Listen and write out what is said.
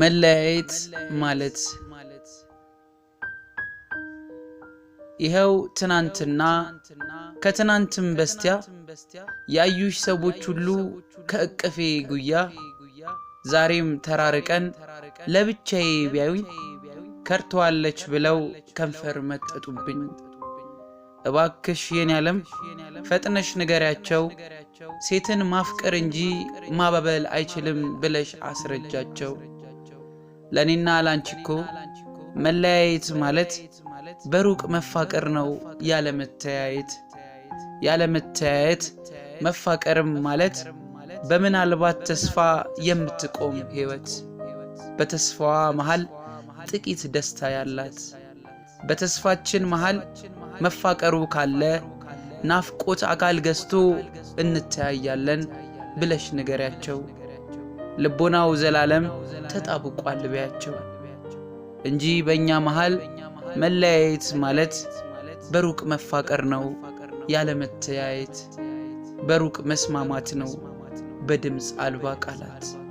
መለያየት ማለት ይኸው ትናንትና ከትናንትም በስቲያ ያዩሽ ሰዎች ሁሉ ከእቅፌ ጉያ ዛሬም ተራርቀን ለብቻዬ ቢያዩኝ ከርተዋለች ብለው ከንፈር መጠጡብኝ። እባክሽ የኔ ዓለም ፈጥነሽ ንገሪያቸው ሴትን ማፍቀር እንጂ ማባበል አይችልም ብለሽ አስረጃቸው። ለእኔና ላንቺ መለያየት ማለት በሩቅ መፋቀር ነው ያለመተያየት። ያለመተያየት መፋቀርም ማለት በምናልባት ተስፋ የምትቆም ሕይወት፣ በተስፋዋ መሃል ጥቂት ደስታ ያላት፣ በተስፋችን መሃል መፋቀሩ ካለ ናፍቆት አካል ገዝቶ እንተያያለን ብለሽ ንገሪያቸው። ልቦናው ዘላለም ተጣብቋል በያቸው እንጂ በእኛ መሃል መለያየት ማለት በሩቅ መፋቀር ነው ያለ መተያየት፣ በሩቅ መስማማት ነው በድምፅ አልባ ቃላት